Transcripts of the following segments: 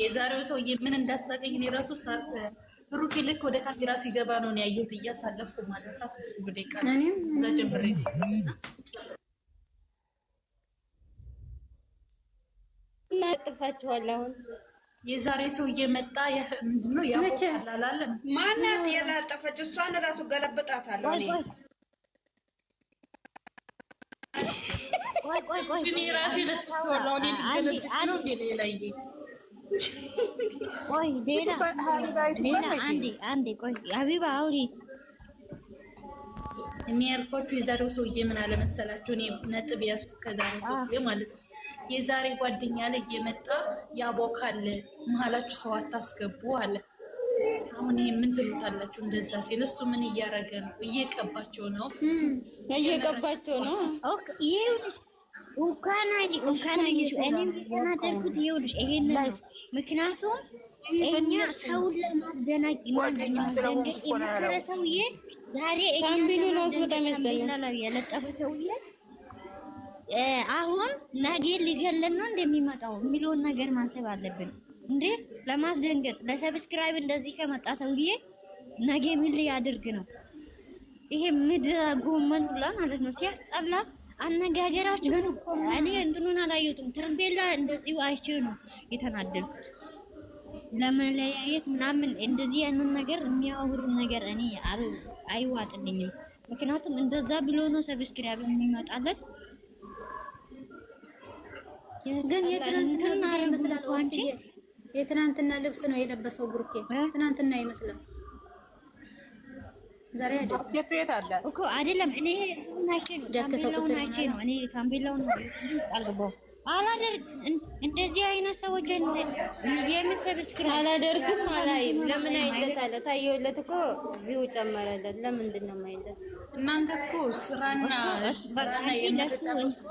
የዛሬው ሰውዬ ምን እንዳሳቀኝ እኔ እራሱ ብሩኬ ልክ ወደ ካሜራ ሲገባ ነው ያየሁት። እያሳለፍኩ ማለት እዛ ጀምሬ እናጥፋችኋል። አሁን የዛሬ ሰውዬ መጣ። ምንድነው ያላላለ ማናት የላጠፈች እሷን እራሱ ገለብጣታለሁ። ግን የራሴ ለትሆን ያልኳችሁ የዛሬው ሰውዬ ምን አለ መሰላችሁ? እኔ ነጥብ ያዝኩ ከዛሬው ሰውዬ ማለት ነው። የዛሬ ጓደኛ ላይ እየመጣ ያቦካል፣ መሀላችሁ ሰው አታስገቡ አለ። አሁን ይሄ ምን ትሉታላችሁ? እንደዛ ሲል እሱ ምን እያረገ ነው? እየቀባቸው ነው፣ እየቀባቸው ነው። ምክንያቱም እኛ ሰውን ለማስደናቅ የመሰረ ሰውዬ ዛሬ ሰውዬ አሁን ነገ ሊገለን ነው እንደሚመጣው የሚለውን ነገር ማሰብ አለብን። እንዴ ለማስደንገጥ ለሰብስክራይብ እንደዚህ ከመጣ ሰውዬ ነገ ምን ሊያደርግ ነው? ይሄ ምድረ ጎመን ሁላ ማለት ነው ሲያስጠላ አነጋገራችሁ እኔ እንትኑን አላየሁትም። ትርምቤላ እንደዚሁ አይቼ ነው የተናደድኩት። ለመለያየት ምናምን እንደዚህ ያንን ነገር የሚያወሩ ነገር እኔ አይዋጥልኝም። ምክንያቱም እንደዛ ብሎ ነው ሰብስክራይብ የሚመጣለት። ግን የትናንትና ይመስላል፣ የትናንትና ልብስ ነው የለበሰው ብሩኬ፣ ትናንትና ይመስላል ዛሬ አለ እኮ አይደለም። እኔ ናቸው ነው እኔ ካምቤላውን አልገባሁም። አላደርግ እንደዚህ አይነት ሰዎች አላደርግም፣ አላይም። ለምን አይለት አለ ታየውለት እኮ ቪው ጨመረለት። ለምንድን ነው የማይለት? እናንተ እኮ ስራና ስራና የምትጠብቁ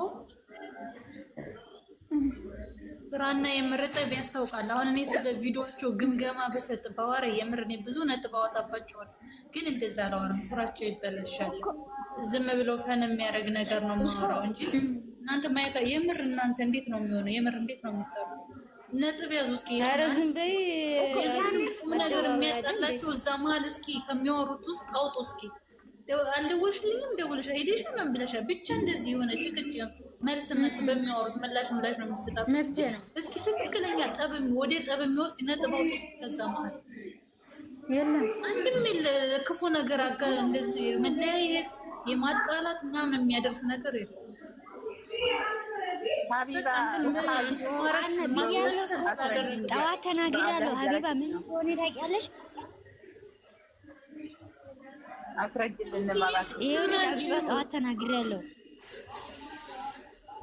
ስራና የምርጥ ያስታውቃል። አሁን እኔ ስለ ቪዲዮቸው ግምገማ በሰጥ ባወራ የምር እኔ ብዙ ነጥብ አወጣባቸዋል፣ ግን እንደዛ አላወራም። ስራቸው ይበለሻል። ዝም ብለው ፈን የሚያደርግ ነገር ነው የማወራው እንጂ እናንተ ማየት የምር እናንተ እንዴት ነው የሚሆነው? የምር እንዴት ነው የሚጠሩ? ነጥብ ያዙ እስኪ። ቁም ነገር የሚያጠላቸው እዛ መሀል እስኪ ከሚያወሩት ውስጥ አውጡ እስኪ አልደወልሽልኝም፣ ደውልሻ ሄደሽ ምን ብለሻ ብቻ እንደዚህ የሆነ ጭቅጭቅ መልስ መልስ በሚያወሩት ምላሽ ምላሽ ነው የምትሰጣት። እስኪ ትክክለኛ ጠብ ወደ ጠብ የሚወስድ ነጥብ አውጡት። ከዛ መሀል የለም አንድም ክፉ ነገር አጋ እንደዚህ የመለያየት የማጣላት ምናምን የሚያደርስ ነገር የለም። ሀቢባ ጠዋት ተናግሬያለሁ። ሀቢባ ምን ሆነ ታውቂያለሽ? አስረጅልን ማለት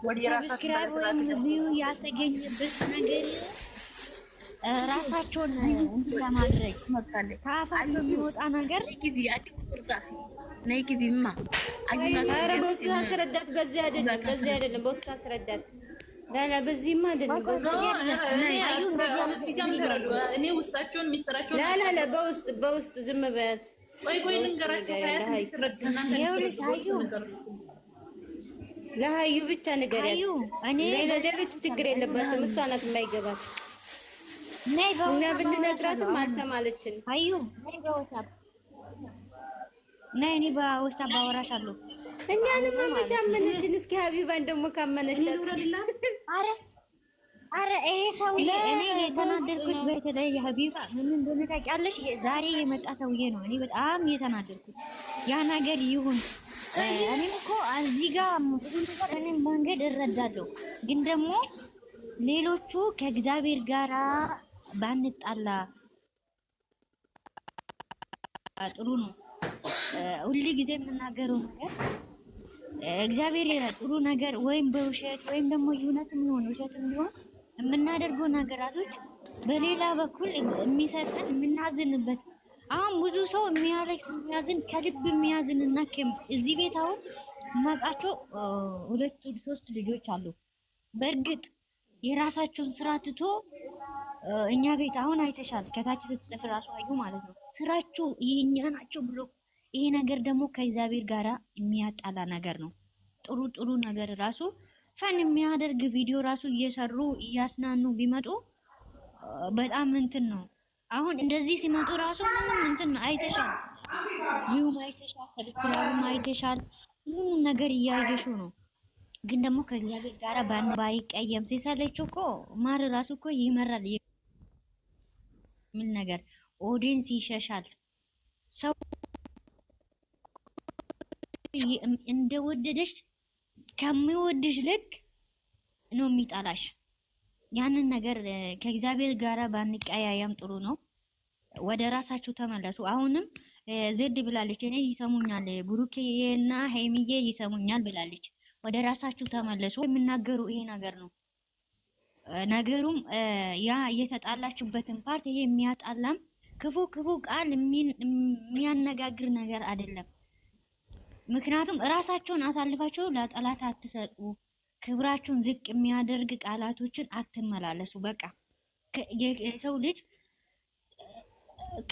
ሰብስክራይብ ወይም ቪው ያተገኘበት ነገር ራሳቸውን እንትን ለማድረግ ከአፋቸው የሚወጣ ነገር ነይግቢማ በውስጥ አስረዳት። በዚህ አይደለም፣ በዚህ አይደለም፣ በውስጥ አስረዳት ላላ በዚህማ አይደለም። በውስጥ እኔ በውስጥ በውስጥ ዝም በያት ቆይ ቆይ ልንገራቸው ለሀዩ ብቻ ንገሪያት። ለሌሎች ችግር የለባትም። እሷ ናት የማይገባት እና ብንነግራትም አልሰማለችን። ሀዩ ነይ እኔ በውስጥ አወራሻለሁ። እኛንማ እኛንም አመነችን። እስኪ ሀቢባን ደግሞ ካመነቻት አረ ይሄ ሰውዬ እኔ የተናደርኩት በተለይ ሀቢባ ምን እንደሆነ ታውቂያለሽ? ዛሬ የመጣ ሰውዬ ነው። እኔ በጣም የተናደርኩት ያ ነገር ይሁን። እኔም እኮ እዚህ ጋር ምንም መንገድ እረዳለሁ፣ ግን ደግሞ ሌሎቹ ከእግዚአብሔር ጋራ ባንጣላ ጥሩ ነው። ሁሉ ጊዜ የምናገረው ነገር እግዚአብሔር ጥሩ ነገር ወይም በውሸት ወይም ደግሞ እውነትም ይሁን ውሸትም ይሁን የምናደርገው ነገራቶች በሌላ በኩል የሚሰጠን የምናዝንበት አሁን ብዙ ሰው የሚያለቅስ የሚያዝን ከልብ የሚያዝን እና እዚህ ቤት አሁን የማውቃቸው ሁለት ሶስት ልጆች አሉ። በእርግጥ የራሳቸውን ስራ ትቶ እኛ ቤት አሁን አይተሻል። ከታች ስትጽፍ ራሱ አዩ ማለት ነው። ስራቸው የእኛ ናቸው ብሎ ይሄ ነገር ደግሞ ከእግዚአብሔር ጋራ የሚያጣላ ነገር ነው። ጥሩ ጥሩ ነገር ራሱ ፈን የሚያደርግ ቪዲዮ ራሱ እየሰሩ እያስናኑ ቢመጡ በጣም እንትን ነው። አሁን እንደዚህ ሲመጡ ራሱ ምንም እንትን ነው። አይተሻል፣ ቪውም አይተሻል፣ ሰብስክራይብም አይተሻል፣ ምንም ነገር እያየሹ ነው። ግን ደግሞ ከእግዚአብሔር ጋር ባን ባይቀየም ሲሰለች እኮ ማር ራሱ እኮ ይመራል የሚል ነገር ኦዲንስ ይሸሻል። ሰው እንደወደደሽ ከሚወድሽ ልክ ነው የሚጠላሽ። ያንን ነገር ከእግዚአብሔር ጋራ ባንቀያየም ጥሩ ነው። ወደ ራሳችሁ ተመለሱ። አሁንም ዜድ ብላለች፣ እኔ ይሰሙኛል፣ ብሩኬና ሄሚዬ ይሰሙኛል ብላለች። ወደ ራሳችሁ ተመለሱ። የምናገሩ ይሄ ነገር ነው። ነገሩም ያ የተጣላችሁበትን ፓርት ይሄ የሚያጣላም ክፉ ክፉ ቃል የሚያነጋግር ነገር አይደለም። ምክንያቱም እራሳቸውን አሳልፋቸው ለጠላት አትሰጡ። ክብራችሁን ዝቅ የሚያደርግ ቃላቶችን አትመላለሱ። በቃ የሰው ልጅ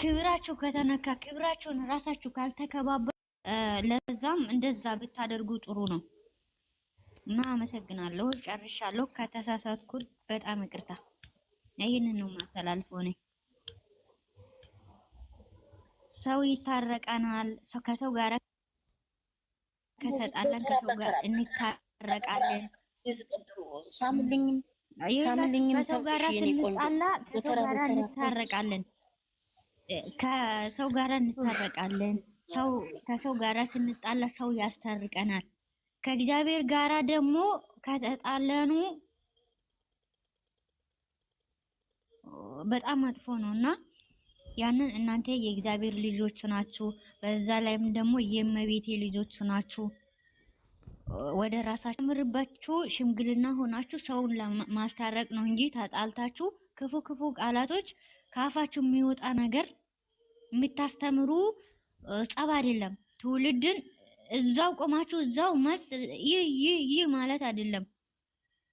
ክብራቸው ከተነካ ክብራቸውን እራሳችሁ ካልተከባበሩ፣ ለዛም እንደዛ ብታደርጉ ጥሩ ነው እና አመሰግናለሁ። ጨርሻለሁ። ከተሳሳትኩት በጣም ይቅርታ። ይህንን ነው ማስተላልፍ ሆነ። ሰው ይታረቀናል ከሰው ጋር ከተጣላን ከሰው ጋር እንታረቃለን። ከሰው ጋር ስንጣላ ከሰው ጋር እንታረቃለን። ከሰው ጋር እንታረቃለን። ሰው ከሰው ጋር ስንጣላ ሰው ያስታርቀናል። ከእግዚአብሔር ጋራ ደግሞ ከተጣለኑ በጣም መጥፎ ነው እና ያንን እናንተ የእግዚአብሔር ልጆች ናችሁ፣ በዛ ላይም ደግሞ የእመቤቴ ልጆች ናችሁ። ወደ ራሳችሁ ምርባችሁ ሽምግልና ሆናችሁ ሰውን ማስታረቅ ነው እንጂ ተጣልታችሁ ክፉ ክፉ ቃላቶች ከአፋችሁ የሚወጣ ነገር የምታስተምሩ ጸብ አይደለም። ትውልድን እዛው ቆማችሁ እዛው መስ ይህ ይህ ይህ ማለት አይደለም።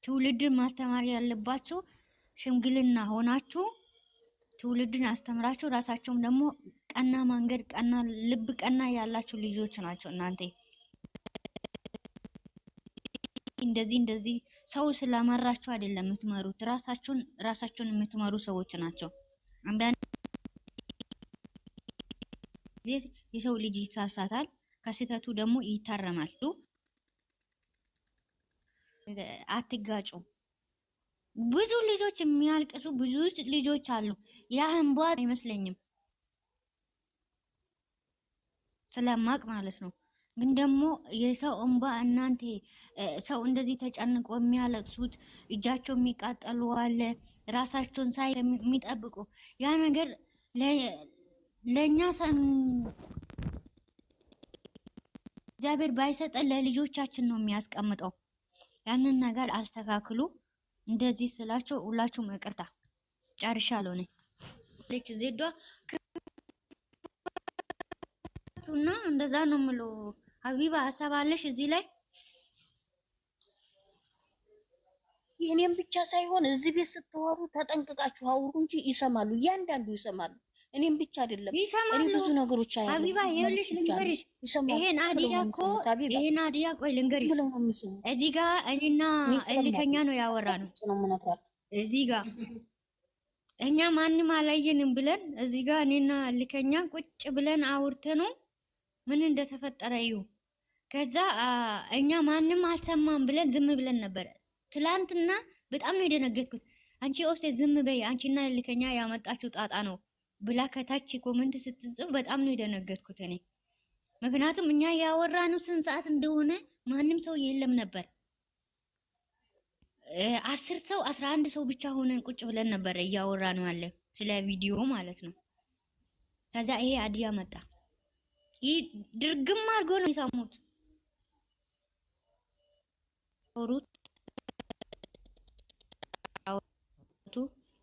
ትውልድን ማስተማር ያለባችሁ ሽምግልና ሆናችሁ ትውልድን አስተምራችሁ ራሳቸውም ደግሞ ቀና መንገድ፣ ቀና ልብ፣ ቀና ያላችሁ ልጆች ናቸው እናንተ እንደዚህ እንደዚህ ሰው ስለመራችሁ አይደለም የምትመሩት፣ ራሳችሁን ራሳችሁን የምትመሩ ሰዎች ናቸው። አንዳንድ የሰው ልጅ ይሳሳታል፣ ከስህተቱ ደግሞ ይታረማል። አትጋጩ። ብዙ ልጆች የሚያልቅሱ ብዙ ልጆች አሉ። ያ እንባ አይመስለኝም ስለማቅ ማለት ነው። ግን ደግሞ የሰው እንባ እናንተ ሰው እንደዚህ ተጨንቆ የሚያለቅሱት እጃቸው የሚቃጠሉ አለ፣ ራሳቸውን ሳይ የሚጠብቁ ያ ነገር ለእኛ እግዚአብሔር ባይሰጠን ለልጆቻችን ነው የሚያስቀምጠው። ያንን ነገር አስተካክሉ። እንደዚህ ስላቸው ሁላችሁ መቅርታ ጨርሻለሁ። እኔ ልክ ዜዷ እና እንደዛ ነው ምሎ ሀቢባ ሀሳብ አለሽ እዚህ ላይ? የእኔም ብቻ ሳይሆን እዚህ ቤት ስትወሩ ተጠንቅቃችሁ አውሩ እንጂ ይሰማሉ፣ እያንዳንዱ ይሰማሉ። እኔም ብቻ አይደለም፣ እኔ ብዙ ነገሮች አያለሁ። ሀቢባ ይኸውልሽ ልንገርሽ፣ ይሄን አዲያ እኮ ይሄን አዲያ ቆይ ልንገርሽ፣ እዚህ ጋ እኔና እልከኛ ነው ያወራነው። እዚህ ጋ እኛ ማንም አላየንም ብለን እዚህ ጋ እኔና እልከኛ ቁጭ ብለን አውርተነው ምን እንደተፈጠረ ይሁ ከዛ እኛ ማንም አልሰማም ብለን ዝም ብለን ነበረ። ትላንትና በጣም ነው የደነገጥኩት። አንቺ ኦፍሴ ዝም በይ አንቺና እልከኛ ያመጣችው ጣጣ ነው ብላ ከታች ኮመንት ስትጽፍ በጣም ነው የደነገጥኩት እኔ። ምክንያቱም እኛ ያወራነው ስንት ሰዓት እንደሆነ ማንም ሰው የለም ነበር። አስር ሰው አስራ አንድ ሰው ብቻ ሆነን ቁጭ ብለን ነበር እያወራነው ያለ ስለ ቪዲዮ ማለት ነው። ከዛ ይሄ አድያ መጣ። ይህ ድርግም አድርጎ ነው የሰሙት ሩት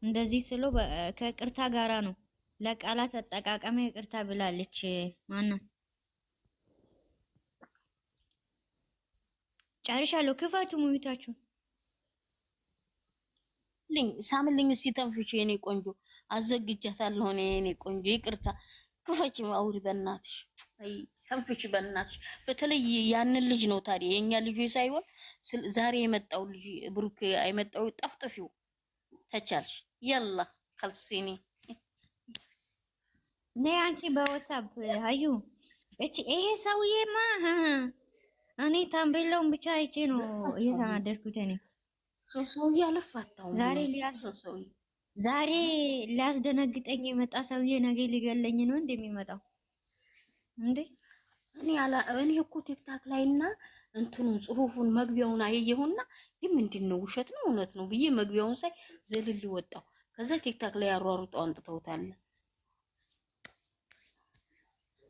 እንደዚህ ስለው ከቅርታ ጋራ ነው ለቃላት አጠቃቀም ይቅርታ ብላለች። ማናት? ጨርሻለሁ። ክፈቱ ሙቪታችሁ ልኝ ሳምልኝ እስቲ ተንፍሽ የኔ ቆንጆ አዘግጃታለሁ። የኔ ቆንጆ ይቅርታ ክፈች። አውሪ በእናትሽ አይ ተንፍሽ በእናትሽ። በተለይ ያንን ልጅ ነው ታዲያ የኛ ልጅ ሳይሆን ዛሬ የመጣው ልጅ ብሩክ አይመጣው ጠፍጥፊው ተቻልሽ። ያላ ከልሲኒ ነይ አንቺ በዋትስአፕ አዩ እቺ ይሄ ሰውዬማ እኔ ታምቤለውን ብቻ አይቼ ነው እየተናደድኩት። እኔ ዛሬ ዛሬ ሊያስደነግጠኝ የመጣ ሰውዬ ነገ ሊገለኝ ነው እንደሚመጣው እንዴ እኔ አላ እኔ እኮ ቲክታክ ላይና እንትኑን ጽሁፉን መግቢያውን አየየሁና ይህ ምንድን ነው ውሸት ነው እውነት ነው ብዬ መግቢያውን ሳይ ዘልል ወጣው። ከዛ ቲክታክ ላይ ያሯሩጠው አንጥተውታል።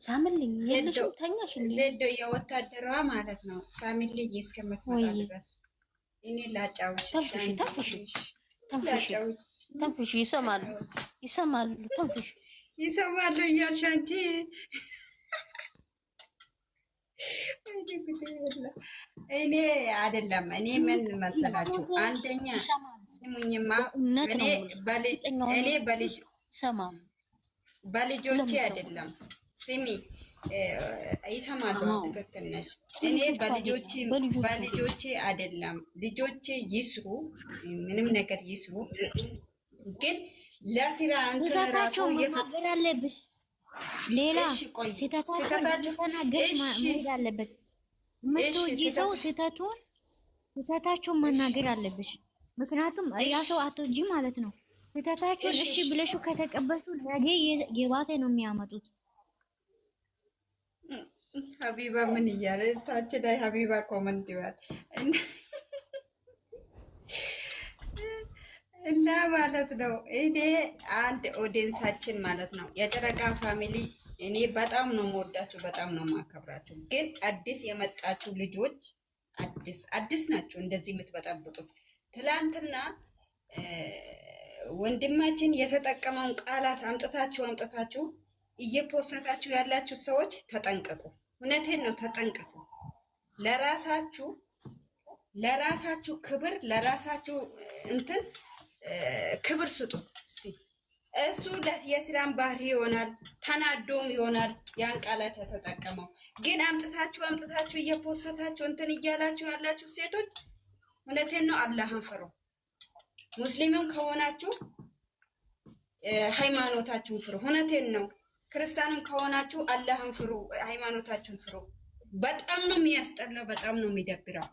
ሳምልኝ የለሽም ተኛሽ ዘዶ የወታደሯ ማለት ነው። ሳምልኝ እስከምትመጣ ድረስ እኔ ላጫውሽ። ተንፍሽ ተንፍሽ ተንፍሽ። ይሰማሉ ይሰማሉ። ተንፍሽ ይሰማሉ እያልሽ አንቺ እኔ አይደለም። እኔ ምን መሰላችሁ፣ አንደኛ ስሙኝማ፣ እኔ በልጅ በልጅ እኔ በልጆቼ አይደለም ስሚ ይሰማሉ። ትክክል ነሽ። እኔ በልጆቼ አይደለም ልጆቼ ይስሩ፣ ምንም ነገር ይስሩ፣ ግን ለስራ እንትን ራሱ ሌላ ስህተቱን ስህተታቸውን መናገር አለብሽ። ምክንያቱም ያ ሰው አትወጂ ማለት ነው። ስህተታቸውን እሺ ብለሽው ከተቀበሱ ነገ የባሰ ነው የሚያመጡት። ሀቢባ ምን እያለ ታች ላይ ሀቢባ ኮመንት ይዋል እና ማለት ነው። እኔ አንድ ኦዲየንሳችን ማለት ነው የጨረቃ ፋሚሊ እኔ በጣም ነው የምወዳችሁ፣ በጣም ነው የማከብራችሁ። ግን አዲስ የመጣችሁ ልጆች አዲስ አዲስ ናችሁ እንደዚህ የምትበጠብጡት። ትላንትና ወንድማችን የተጠቀመውን ቃላት አምጥታችሁ አምጥታችሁ እየፖሰታችሁ ያላችሁ ሰዎች ተጠንቀቁ። እውነቴን ነው። ተጠንቀቁ። ለራሳችሁ ለራሳችሁ ክብር ለራሳችሁ እንትን ክብር ስጡት። እስቲ እሱ የስራን ባህሪ ይሆናል፣ ተናዶም ይሆናል ያን ቃላት የተጠቀመው። ግን አምጥታችሁ አምጥታችሁ እየፖሰታችሁ እንትን እያላችሁ ያላችሁ ሴቶች እውነቴን ነው፣ አላህን ፍሩ። ሙስሊምም ከሆናችሁ ሃይማኖታችሁን ፍሩ። እውነቴን ነው። ክርስቲያንም ከሆናችሁ አላህን ፍሩ፣ ሃይማኖታችሁን ፍሩ። በጣም ነው የሚያስጠላው፣ በጣም ነው የሚደብረው።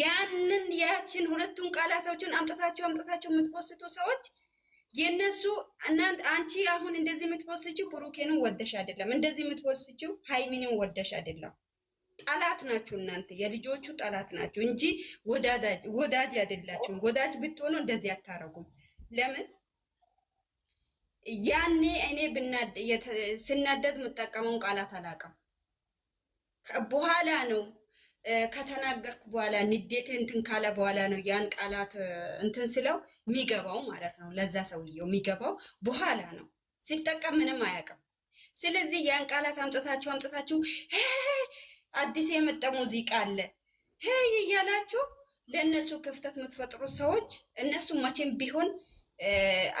ያንን ያችን ሁለቱን ቃላቶችን አምጥታችሁ አምጥታችሁ የምትወስቱ ሰዎች የነሱ አንቺ አሁን እንደዚህ የምትወስችው ብሩኬንም ወደሽ አይደለም፣ እንደዚህ የምትወስችው ሃይሚንን ወደሽ አይደለም። ጠላት ናችሁ እናንተ የልጆቹ ጠላት ናችሁ እንጂ ወዳጅ አይደላችሁም። ወዳጅ ብትሆኑ እንደዚህ አታረጉም። ለምን ያኔ እኔ ስናደድ የምጠቀመውን ቃላት አላውቅም። በኋላ ነው ከተናገርኩ በኋላ ንዴቴ እንትን ካለ በኋላ ነው ያን ቃላት እንትን ስለው የሚገባው ማለት ነው። ለዛ ሰውየው የሚገባው በኋላ ነው። ሲጠቀም ምንም አያውቅም። ስለዚህ ያን ቃላት አምጥታችሁ አምጥታችሁ አዲስ የመጣ ሙዚቃ አለ እያላችሁ ለእነሱ ክፍተት የምትፈጥሩ ሰዎች እነሱ መቼም ቢሆን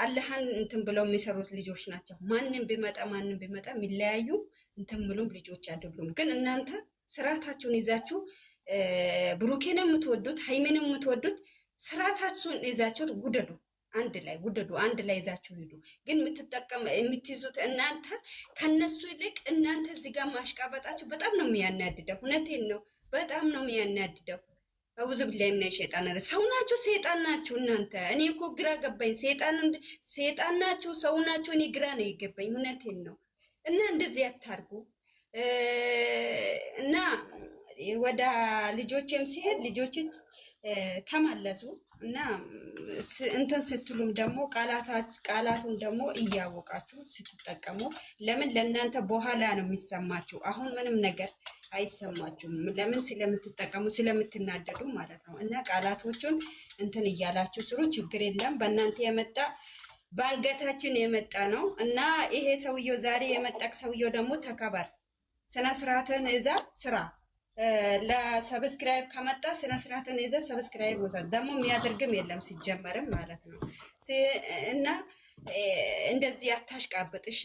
አለሃን እንትን ብለው የሚሰሩት ልጆች ናቸው። ማንም ቢመጣ ማንም ቢመጣ የሚለያዩ እንትን ብሎም ልጆች አይደሉም። ግን እናንተ ስርዓታችሁን ይዛችሁ ብሩኬን የምትወዱት ሀይሜን የምትወዱት ስርዓታችሁን ይዛችሁ ጉደዱ፣ አንድ ላይ ጉደዱ፣ አንድ ላይ ይዛችሁ ሂዱ። ግን የምትጠቀም የምትይዙት እናንተ ከነሱ ይልቅ እናንተ እዚህ ጋር ማሽቃበጣችሁ በጣም ነው የሚያናድደው። እውነቴን ነው፣ በጣም ነው የሚያናድደው። አውዝ ቢላሂ ሚነ ሸይጣን ረጂም። ሰው ናችሁ፣ ሰይጣን ናችሁ እናንተ። እኔ እኮ ግራ ገባኝ። ሰይጣን ሰይጣን ናችሁ፣ ሰው ናችሁ። እኔ ግራ ነው የገባኝ። እውነቴን ነው። እና እንደዚህ አታርጉ እና ወደ ልጆችም ሲሄድ ልጆች ተመለሱ እና እንትን ስትሉም ደግሞ ቃላቱን ደግሞ እያወቃችሁ ስትጠቀሙ ለምን ለእናንተ በኋላ ነው የሚሰማችሁ። አሁን ምንም ነገር አይሰማችሁም። ለምን? ስለምትጠቀሙ ስለምትናደዱ ማለት ነው። እና ቃላቶቹን እንትን እያላችሁ ስሩ። ችግር የለም። በእናንተ የመጣ በአንገታችን የመጣ ነው እና ይሄ ሰውየው ዛሬ የመጣ ሰውየው ደግሞ ተከበር፣ ስነ ስርዓትን እዛ ስራ ለሰብስክራይብ ከመጣ ስነ ስርዓትን እዛ ሰብስክራይብ ወሰ ደግሞ የሚያደርግም የለም ሲጀመርም ማለት ነው እና እንደዚህ አታሽቃብጥ እሺ።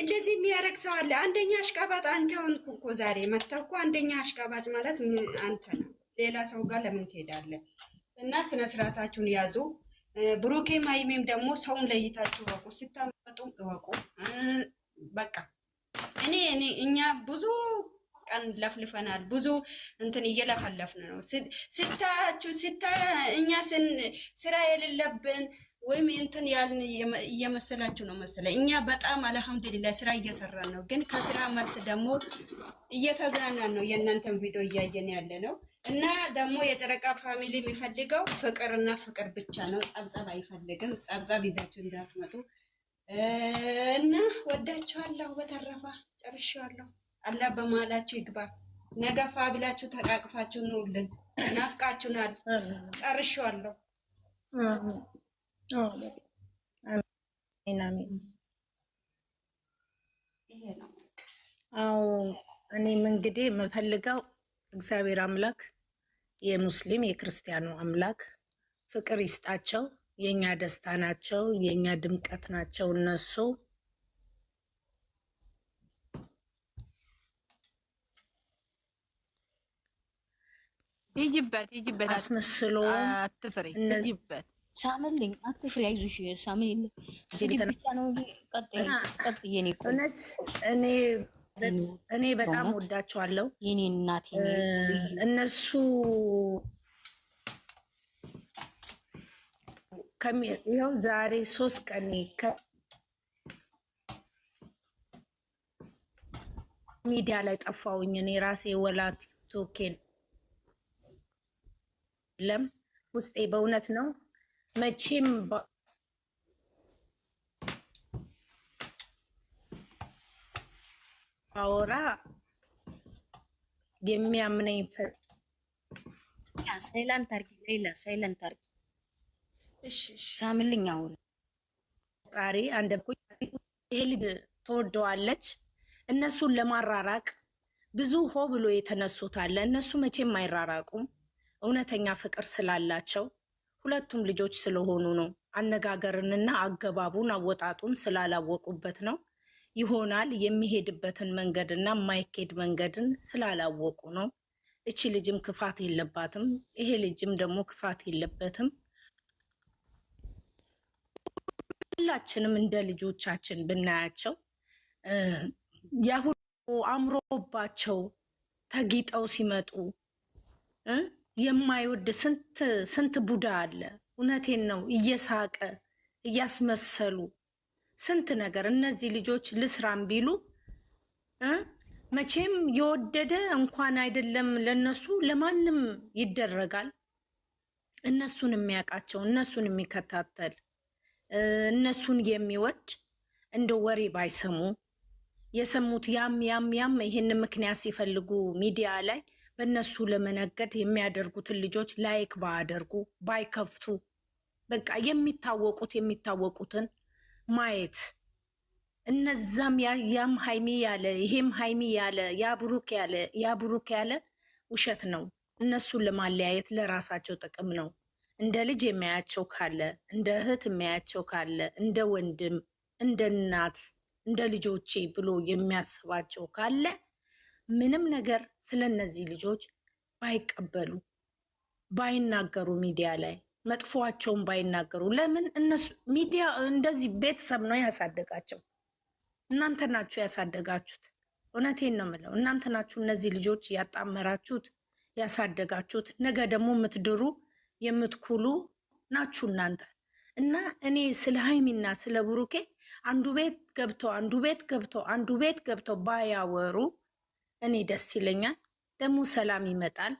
እንደዚህ የሚያደርግ ሰው አለ። አንደኛ አሽቃባጭ አንተ ሆንኩ እኮ ዛሬ መተህ እኮ አንደኛ አሽቃባጭ ማለት አንተ ነው። ሌላ ሰው ጋር ለምን ትሄዳለህ? እና ስነ ስርዓታችሁን ያዙ። ብሩኬ ማይሜም ደግሞ ሰውን ለይታችሁ ወቁ፣ ስታመጡ እወቁ። በቃ እኔ እኔ እኛ ብዙ ቀን ለፍልፈናል። ብዙ እንትን እየለፈለፍን ነው ስታችሁ ስታ እኛ ስራ የሌለብን ወይም እንትን ያልን እየመሰላችሁ ነው መሰለ። እኛ በጣም አልሐምዱሊላ ስራ እየሰራን ነው፣ ግን ከስራ መልስ ደግሞ እየተዝናናን ነው። የእናንተን ቪዲዮ እያየን ያለ ነው እና ደግሞ የጨረቃ ፋሚሊ የሚፈልገው ፍቅርና ፍቅር ብቻ ነው። ጸብጸብ አይፈልግም። ጸብጸብ ይዛችሁ እንዳትመጡ እና ወዳችኋለሁ። በተረፋ ጨርሻለሁ። አላህ በመሀላችሁ ይግባ። ነገ ፋ ብላችሁ ተቃቅፋችሁ ኑልን። ናፍቃችሁናል። ጨርሻለሁ። አዎ እኔም እንግዲህ የምፈልገው እግዚአብሔር አምላክ የሙስሊም የክርስቲያኑ አምላክ ፍቅር ይስጣቸው። የእኛ ደስታ ናቸው፣ የእኛ ድምቀት ናቸው እነሱ ይጅበት ይጅበት አስመስሎ አትፍሪ ይጅበት ሳምልኝ አትፍሪ፣ አይዞሽ ሳምን የለ ስድብ ብቻ ነው እንጂ ቀጥዬ እኔ እውነት እኔ እኔ በጣም ወዳቸዋለሁ የኔ እናት እነሱ ይኸው ዛሬ ሶስት ቀን ሚዲያ ላይ ጠፋውኝ። እኔ ራሴ ወላ ቲክቶኬን ለም ውስጤ በእውነት ነው መቼም ባወራ የሚያምነኝ ሳይለንት አርጊ፣ ሌላ ሳይለንት አርጊ። ሳምልኝ ጣሪ ይሄ ልጅ ትወደዋለች። እነሱን ለማራራቅ ብዙ ሆ ብሎ የተነሱት አለ። እነሱ መቼም አይራራቁም፣ እውነተኛ ፍቅር ስላላቸው ሁለቱም ልጆች ስለሆኑ ነው። አነጋገርንና አገባቡን አወጣጡን ስላላወቁበት ነው። ይሆናል የሚሄድበትን መንገድና የማይኬድ መንገድን ስላላወቁ ነው። እቺ ልጅም ክፋት የለባትም፣ ይሄ ልጅም ደግሞ ክፋት የለበትም። ሁላችንም እንደ ልጆቻችን ብናያቸው ያሁ አምሮባቸው ተጊጠው ሲመጡ የማይወድ ስንት ቡዳ አለ። እውነቴን ነው። እየሳቀ እያስመሰሉ ስንት ነገር እነዚህ ልጆች ልስራም ቢሉ መቼም የወደደ እንኳን አይደለም ለነሱ ለማንም ይደረጋል። እነሱን የሚያውቃቸው እነሱን የሚከታተል እነሱን የሚወድ እንደ ወሬ ባይሰሙ የሰሙት ያም ያም ያም ይህን ምክንያት ሲፈልጉ ሚዲያ ላይ በእነሱ ለመነገድ የሚያደርጉትን ልጆች ላይክ ባያደርጉ ባይከፍቱ፣ በቃ የሚታወቁት የሚታወቁትን ማየት እነዛም ያም ሀይሚ ያለ ይሄም ሀይሚ ያለ ያብሩክ ያለ ያብሩክ ያለ ውሸት ነው። እነሱን ለማለያየት ለራሳቸው ጥቅም ነው። እንደ ልጅ የሚያያቸው ካለ እንደ እህት የሚያያቸው ካለ እንደ ወንድም እንደ እናት እንደ ልጆቼ ብሎ የሚያስባቸው ካለ ምንም ነገር ስለ እነዚህ ልጆች ባይቀበሉ ባይናገሩ ሚዲያ ላይ መጥፎቸውን ባይናገሩ። ለምን እነሱ ሚዲያ እንደዚህ ቤተሰብ ነው ያሳደጋቸው። እናንተ ናችሁ ያሳደጋችሁት። እውነቴን ነው የምለው፣ እናንተ ናችሁ እነዚህ ልጆች ያጣመራችሁት ያሳደጋችሁት። ነገ ደግሞ የምትድሩ የምትኩሉ ናችሁ እናንተ እና እኔ ስለ ሀይሚና ስለ ብሩኬ አንዱ ቤት ገብተው አንዱ ቤት ገብተው አንዱ ቤት ገብተው ባያወሩ እኔ ደስ ይለኛል። ደግሞ ሰላም ይመጣል።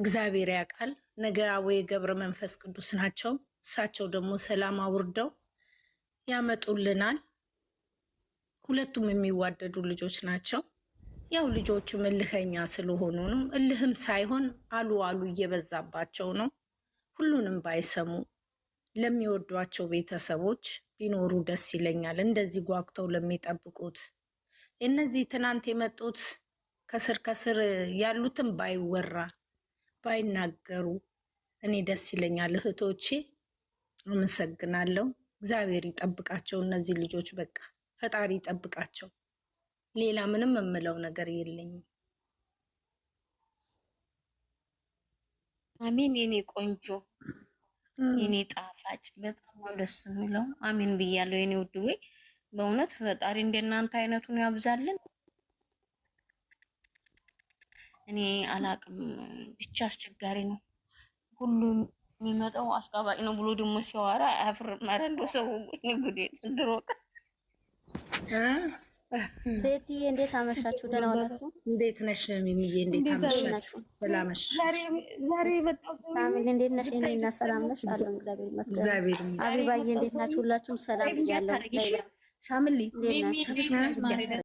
እግዚአብሔር ያውቃል። ነገ አቡነ ገብረ መንፈስ ቅዱስ ናቸው። እሳቸው ደግሞ ሰላም አውርደው ያመጡልናል። ሁለቱም የሚዋደዱ ልጆች ናቸው። ያው ልጆቹም እልኸኛ ስለሆኑ ነው። እልህም ሳይሆን አሉ አሉ እየበዛባቸው ነው። ሁሉንም ባይሰሙ ለሚወዷቸው ቤተሰቦች ቢኖሩ ደስ ይለኛል። እንደዚህ ጓጉተው ለሚጠብቁት እነዚህ ትናንት የመጡት ከስር ከስር ያሉትን ባይወራ ባይናገሩ እኔ ደስ ይለኛል። እህቶቼ አመሰግናለሁ። እግዚአብሔር ይጠብቃቸው እነዚህ ልጆች፣ በቃ ፈጣሪ ይጠብቃቸው። ሌላ ምንም የምለው ነገር የለኝም። አሜን። የኔ ቆንጆ፣ የኔ ጣፋጭ፣ በጣም ነው ደስ የሚለው። አሜን ብያለሁ የኔ ውድ በእውነት ፈጣሪ እንደናንተ አይነቱን ያብዛልን። እኔ አላቅም ብቻ አስቸጋሪ ነው። ሁሉም የሚመጣው አስቃባጭ ነው ብሎ ደግሞ ሲያወራ አፍር መረንዶ ሰው ሰው ጉዴ ዘንድሮ ቤትዬ እንዴት አመሻችሁ? ደህና ዋላችሁ? እንዴት ነሽ ሚሚዬ? እንዴት አመሻችሁ? ስላመሻችሁ ዛሬ ሳሚል እንዴት ነሽ? እኔ እና ሰላም ነሽ እግዚአብሔር ይመስገን። አቢባዬ እንዴት ናችሁ? ሁላችሁም ሰላም እያለሁ ሳሚል